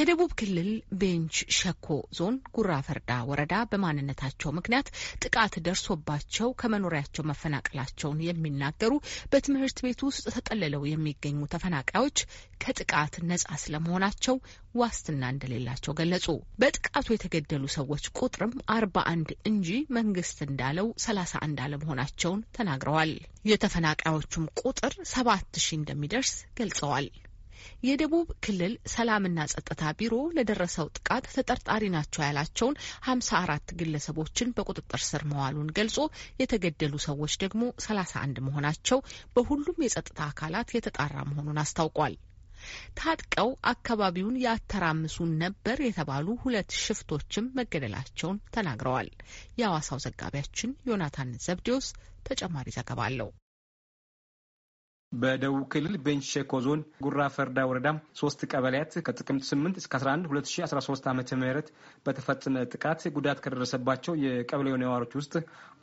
ከደቡብ ክልል ቤንች ሸኮ ዞን ጉራ ፈርዳ ወረዳ በማንነታቸው ምክንያት ጥቃት ደርሶባቸው ከመኖሪያቸው መፈናቀላቸውን የሚናገሩ በትምህርት ቤት ውስጥ ተጠልለው የሚገኙ ተፈናቃዮች ከጥቃት ነጻ ስለመሆናቸው ዋስትና እንደሌላቸው ገለጹ። በጥቃቱ የተገደሉ ሰዎች ቁጥርም አርባ አንድ እንጂ መንግስት እንዳለው ሰላሳ አንድ አለመሆናቸውን ተናግረዋል። የተፈናቃዮቹም ቁጥር ሰባት ሺህ እንደሚደርስ ገልጸዋል። የደቡብ ክልል ሰላምና ጸጥታ ቢሮ ለደረሰው ጥቃት ተጠርጣሪ ናቸው ያላቸውን ሀምሳ አራት ግለሰቦችን በቁጥጥር ስር መዋሉን ገልጾ የተገደሉ ሰዎች ደግሞ ሰላሳ አንድ መሆናቸው በሁሉም የጸጥታ አካላት የተጣራ መሆኑን አስታውቋል። ታጥቀው አካባቢውን ያተራምሱን ነበር የተባሉ ሁለት ሽፍቶችም መገደላቸውን ተናግረዋል። የሐዋሳው ዘጋቢያችን ዮናታን ዘብዴዎስ ተጨማሪ ዘገባ አለው። በደቡብ ክልል ቤንች ሸኮ ዞን ጉራ ፈርዳ ወረዳ ሶስት ቀበሌያት ከጥቅምት 8 እስከ 11 2013 ዓ ም በተፈጸመ ጥቃት ጉዳት ከደረሰባቸው የቀበሌው ነዋሪዎች ውስጥ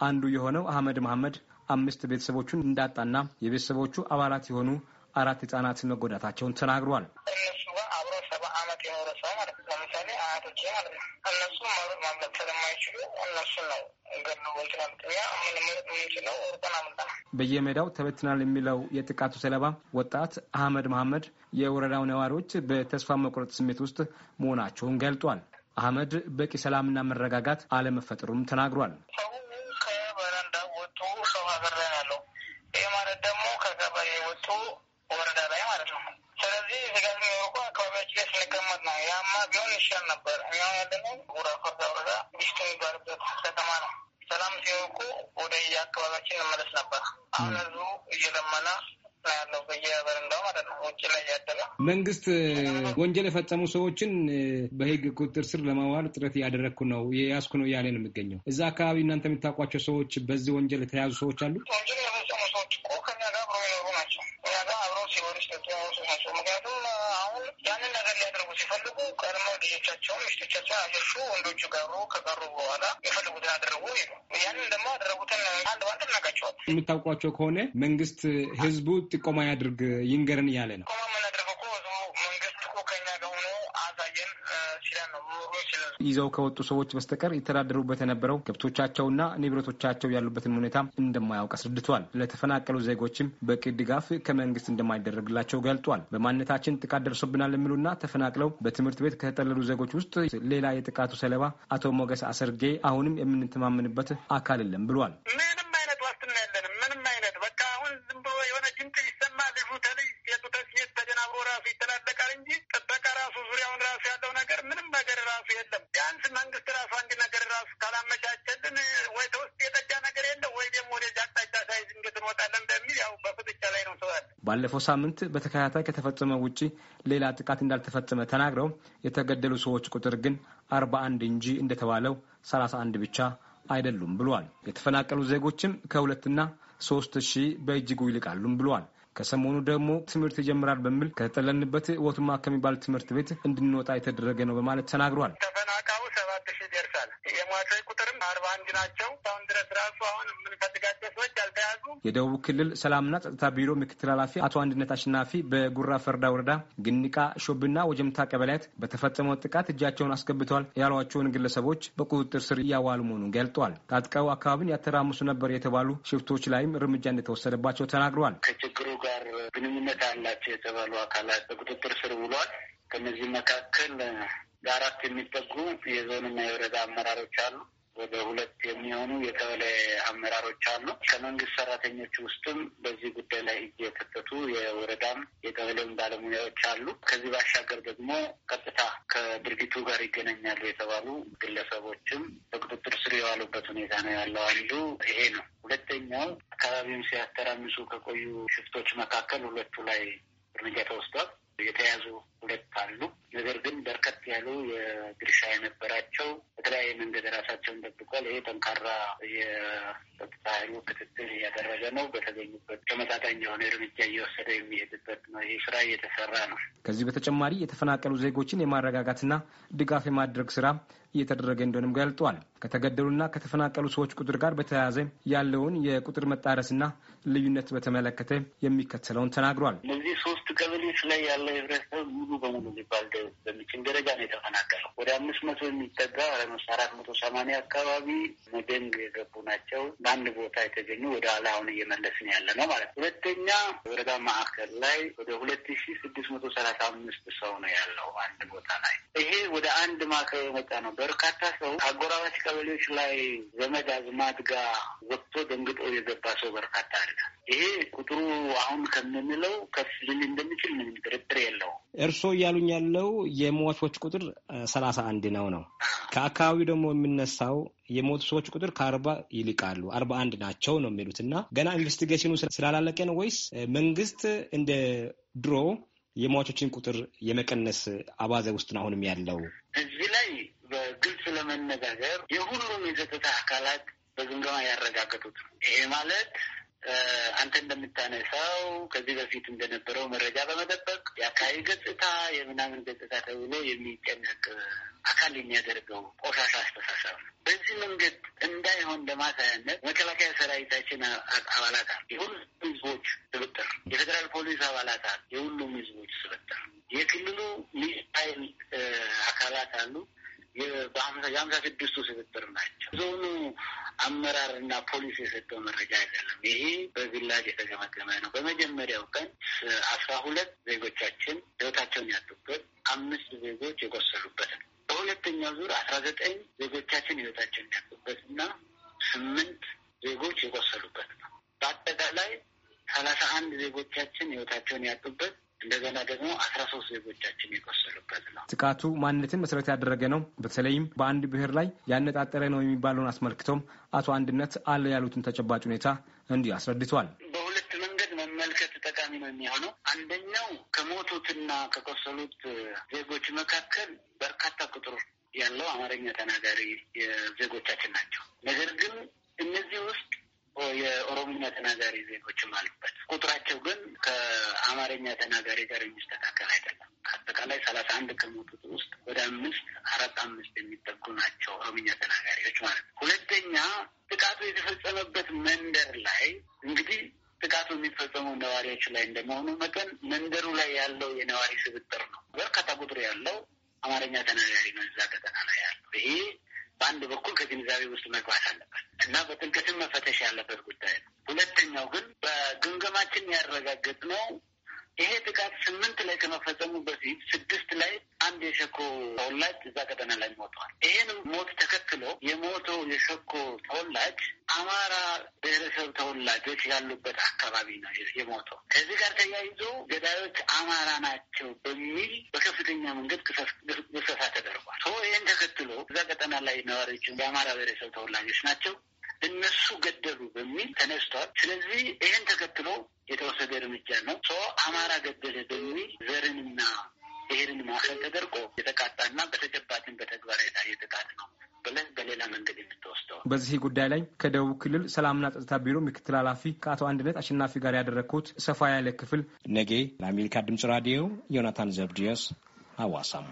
አንዱ የሆነው አህመድ መሐመድ አምስት ቤተሰቦቹን እንዳጣና የቤተሰቦቹ አባላት የሆኑ አራት ህጻናት መጎዳታቸውን ተናግሯል። ማህበረሰብ ማለት ነው። ለምሳሌ አያቶቼ ማለት ነው። እነሱ ማምለጥ ስለማይችሉ ነው በየሜዳው ተበትናል የሚለው የጥቃቱ ሰለባ ወጣት አህመድ መሐመድ የወረዳው ነዋሪዎች በተስፋ መቁረጥ ስሜት ውስጥ መሆናቸውን ገልጧል። አህመድ በቂ ሰላምና መረጋጋት አለመፈጠሩም ተናግሯል። የሚባልበት ከተማ ነው። ሰላም ሲወቁ ወደ የአካባቢያችን እንመለስ ነበር። አሁን ህዝቡ እየለመነ ያለው በየበረንዳው ማለት ነው። ውጭ ላይ ያደረ መንግስት ወንጀል የፈጸሙ ሰዎችን በህግ ቁጥጥር ስር ለማዋል ጥረት እያደረግኩ ነው የያዝኩ ነው እያለ ነው የሚገኘው። እዛ አካባቢ እናንተ የሚታውቋቸው ሰዎች በዚህ ወንጀል የተያዙ ሰዎች አሉ። ወንጀል የፈጸሙ ሰዎች እኮ ሲ ወደ ተጠያቂ ናቸው። ምክንያቱም አሁን ያንን ነገር ሊያደርጉ ሲፈልጉ ቀድሞ ልጆቻቸው ሚስቶቻቸውን አሸሹ፣ ወንዶቹ ቀሩ። ከቀሩ በኋላ የፈልጉትን አደረጉ። ያንን ደግሞ አደረጉትን አንድ ባንድ እናቃቸዋል። የምታውቋቸው ከሆነ መንግስት ህዝቡ ጥቆማ ያድርግ ይንገርን እያለ ነው ይዘው ከወጡ ሰዎች በስተቀር የተዳደሩበት የነበረው ከብቶቻቸውና ንብረቶቻቸው ያሉበትን ሁኔታ እንደማያውቅ አስረድቷል። ለተፈናቀሉ ዜጎችም በቂ ድጋፍ ከመንግስት እንደማይደረግላቸው ገልጧል። በማንነታችን ጥቃት ደርሶብናል የሚሉና ተፈናቅለው በትምህርት ቤት ከተጠለሉ ዜጎች ውስጥ ሌላ የጥቃቱ ሰለባ አቶ ሞገስ አሰርጌ አሁንም የምንተማመንበት አካል የለም ብሏል። እናወጣለን በሚል ያው በፍጥጫ ላይ ነው ሰው ባለፈው ሳምንት በተከታታይ ከተፈጸመ ውጪ ሌላ ጥቃት እንዳልተፈጸመ ተናግረው የተገደሉ ሰዎች ቁጥር ግን አርባ አንድ እንጂ እንደተባለው ሰላሳ አንድ ብቻ አይደሉም ብሏል። የተፈናቀሉ ዜጎችም ከሁለትና ሶስት ሺህ በእጅጉ ይልቃሉም ብሏል። ከሰሞኑ ደግሞ ትምህርት ይጀምራል በሚል ከተጠለንበት ወቱማ ከሚባል ትምህርት ቤት እንድንወጣ የተደረገ ነው በማለት ተናግሯል። ተፈናቃው ሰባት ሺህ ደርሳል። የሟቾች ቁጥርም አርባ አንድ ናቸው። አሁን ድረስ ራሱ አሁን የደቡብ ክልል ሰላምና ጸጥታ ቢሮ ምክትል ኃላፊ አቶ አንድነት አሸናፊ በጉራ ፈርዳ ወረዳ ግንቃ ሾብና ወጀምታ ቀበሌያት በተፈጸመው ጥቃት እጃቸውን አስገብተዋል ያሏቸውን ግለሰቦች በቁጥጥር ስር እያዋሉ መሆኑን ገልጠዋል። ታጥቀው አካባቢን ያተራምሱ ነበር የተባሉ ሽፍቶች ላይም እርምጃ እንደተወሰደባቸው ተናግረዋል። ከችግሩ ጋር ግንኙነት አላቸው የተባሉ አካላት በቁጥጥር ስር ውሏል። ከነዚህ መካከል ለአራት የሚጠጉ የዞንና የወረዳ አመራሮች አሉ። ወደ ሁለት የሚሆኑ የቀበሌ አመራሮች አሉ። ከመንግስት ሰራተኞች ውስጥም በዚህ ጉዳይ ላይ እየከተቱ የወረዳም የቀበሌም ባለሙያዎች አሉ። ከዚህ ባሻገር ደግሞ ቀጥታ ከድርጊቱ ጋር ይገናኛሉ የተባሉ ግለሰቦችም በቁጥጥር ስር የዋሉበት ሁኔታ ነው ያለው። አንዱ ይሄ ነው። ሁለተኛው አካባቢውን ሲያተራምሱ ከቆዩ ሽፍቶች መካከል ሁለቱ ላይ እርምጃ ተወስዷል። የተያዙ ሁለት አሉ። ነገር ግን በርከት ያሉ የድርሻ የነበራቸው በተለያየ መንገድ ራሳቸውን ጠብቋል። ይሄ ጠንካራ የጸጥታ ኃይሉ ክትትል እያደረገ ነው። በተገኙበት ተመጣጣኝ የሆነ እርምጃ እየወሰደ የሚሄድበት ነው። ይህ ስራ እየተሰራ ነው። ከዚህ በተጨማሪ የተፈናቀሉ ዜጎችን የማረጋጋትና ድጋፍ የማድረግ ስራ እየተደረገ እንደሆነም ገልጧል። ከተገደሉና ከተፈናቀሉ ሰዎች ቁጥር ጋር በተያያዘ ያለውን የቁጥር መጣረስና ልዩነት በተመለከተ የሚከተለውን ተናግሯል። እነዚህ ሶስት ቀበሌዎች ላይ ያለ ህብረተሰብ ሙሉ በሙሉ የሚባል በሚችል ደረጃ ነው የተፈናቀለው። ወደ አምስት መቶ የሚጠጋ አራት መቶ ሰማንያ አካባቢ መደንግ የገቡ ናቸው። በአንድ ቦታ የተገኙ ወደ ኋላ አሁን እየመለስን ያለ ነው ማለት ነው። ሁለተኛ ወረዳ ማዕከል ላይ ወደ ሁለት ሺ ስድስት መቶ ሰላሳ አምስት ሰው ነው ያለው አንድ ቦታ ላይ። ይሄ ወደ አንድ ማዕከል የመጣ ነው። በርካታ ሰው ከአጎራባች ቀበሌዎች ላይ ዘመድ አዝማድ ጋር ወጥቶ ደንግጦ የገባ ሰው በርካታ አለ። ይሄ ቁጥሩ አሁን ከምንለው ከፍ ልል የሚችል ምንም ድርድር የለውም። እርስዎ እያሉኝ ያለው የሟቾች ቁጥር ሰላሳ አንድ ነው ነው። ከአካባቢው ደግሞ የሚነሳው የሞቱ ሰዎች ቁጥር ከአርባ ይልቃሉ አርባ አንድ ናቸው ነው የሚሉት እና ገና ኢንቨስቲጌሽኑ ስላላለቀ ነው ወይስ መንግስት እንደ ድሮ የሟቾችን ቁጥር የመቀነስ አባዜ ውስጥ ነው አሁንም ያለው? እዚህ ላይ በግልጽ ለመነጋገር የሁሉም የጸጥታ አካላት በግምገማ ያረጋገጡት ይሄ ማለት አንተ እንደምታነሳው ከዚህ በፊት እንደነበረው መረጃ በመጠበቅ የአካባቢ ገጽታ የምናምን ገጽታ ተብሎ የሚጨነቅ አካል የሚያደርገው ቆሻሻ አስተሳሰብ ነው። በዚህ መንገድ እንዳይሆን ለማሳያነት መከላከያ ሰራዊታችን አባላት አሉ። የሁሉም ህዝቦች ስብጥር፣ የፌዴራል ፖሊስ አባላት አሉ። የሁሉም ህዝቦች ስብጥር፣ የክልሉ ልዩ ኃይል አካላት አሉ። የአምሳ ስድስቱ ስብጥር ናቸው። ዞኑ አመራርና ፖሊስ የሰጠው መረጃ አይደለም። ይሄ በግላጭ የተገመገመ ነው። በመጀመሪያው ቀን አስራ ሁለት ዜጎቻችን ህይወታቸውን ያጡበት፣ አምስት ዜጎች የቆሰሉበት ነው። በሁለተኛው ዙር አስራ ዘጠኝ ዜጎቻችን ህይወታቸውን ያጡበት እና ስምንት ዜጎች የቆሰሉበት ነው። በአጠቃላይ ሰላሳ አንድ ዜጎቻችን ህይወታቸውን ያጡበት እንደገና ደግሞ አስራ ሶስት ዜጎቻችን የቆሰሉበት ነው። ጥቃቱ ማንነትን መሰረት ያደረገ ነው፣ በተለይም በአንድ ብሔር ላይ ያነጣጠረ ነው የሚባለውን አስመልክቶም አቶ አንድነት አለ ያሉትን ተጨባጭ ሁኔታ እንዲህ አስረድተዋል። በሁለት መንገድ መመልከት ጠቃሚ ነው የሚሆነው። አንደኛው ከሞቱትና ከቆሰሉት ዜጎች መካከል በርካታ ቁጥር ያለው አማርኛ ተናጋሪ ዜጎቻችን ናቸው። ነገር ግን እነዚህ ውስጥ የኦሮምኛ ተናጋሪ ዜጎችም አሉበት። ቁጥራቸው ግን ከአማርኛ ተናጋሪ ጋር የሚስተካከል አይደለም። ከአጠቃላይ ሰላሳ አንድ ከሞቱት ውስጥ ወደ አምስት አራት አምስት የሚጠጉ ናቸው ኦሮምኛ ተናጋሪዎች ማለት ነው። ሁለተኛ ጥቃቱ የተፈጸመበት መንደር ላይ እንግዲህ ጥቃቱ የሚፈጸሙ ነዋሪዎች ላይ እንደመሆኑ መጠን መንደሩ ላይ ያለው የነዋሪ ስብጥር ነው። በርካታ ቁጥር ያለው አማርኛ ተናጋሪ ነው እዛ ቀጠና ላይ ያለው ይሄ በአንድ በኩል ከግንዛቤ ውስጥ መግባት አለበት እና በጥልቀትም መፈተሽ ያለበት ጉዳይ ነው። ሁለተኛው ግን በግምገማችን ያረጋገጥነው ይሄ ጥቃት ስምንት ላይ ከመፈጸሙ በፊት ስድስት ላይ የሸኮ ተወላጅ እዛ ቀጠና ላይ ሞተዋል። ይህን ሞት ተከትሎ የሞተው የሸኮ ተወላጅ አማራ ብሔረሰብ ተወላጆች ያሉበት አካባቢ ነው የሞተው። ከዚህ ጋር ተያይዞ ገዳዮች አማራ ናቸው በሚል በከፍተኛ መንገድ ግሰሳ ተደርጓል። ይህን ተከትሎ እዛ ቀጠና ላይ ነዋሪዎች የአማራ ብሔረሰብ ተወላጆች ናቸው እነሱ ገደሉ በሚል ተነስቷል። ስለዚህ ይህን ተከትሎ የተወሰደ እርምጃ ነው። ሶ አማራ ገደለ በሚል ዘርንና ይህንን ማዕከል ተደርጎ የተቃጣና በተጨባጭን በተግባር የታየ ጥቃት ነው በሌላ መንገድ የምትወስደው። በዚህ ጉዳይ ላይ ከደቡብ ክልል ሰላምና ጸጥታ ቢሮ ምክትል ኃላፊ ከአቶ አንድነት አሸናፊ ጋር ያደረግኩት ሰፋ ያለ ክፍል ነጌ ለአሜሪካ ድምጽ ራዲዮ ዮናታን ዘብድዮስ አዋሳም።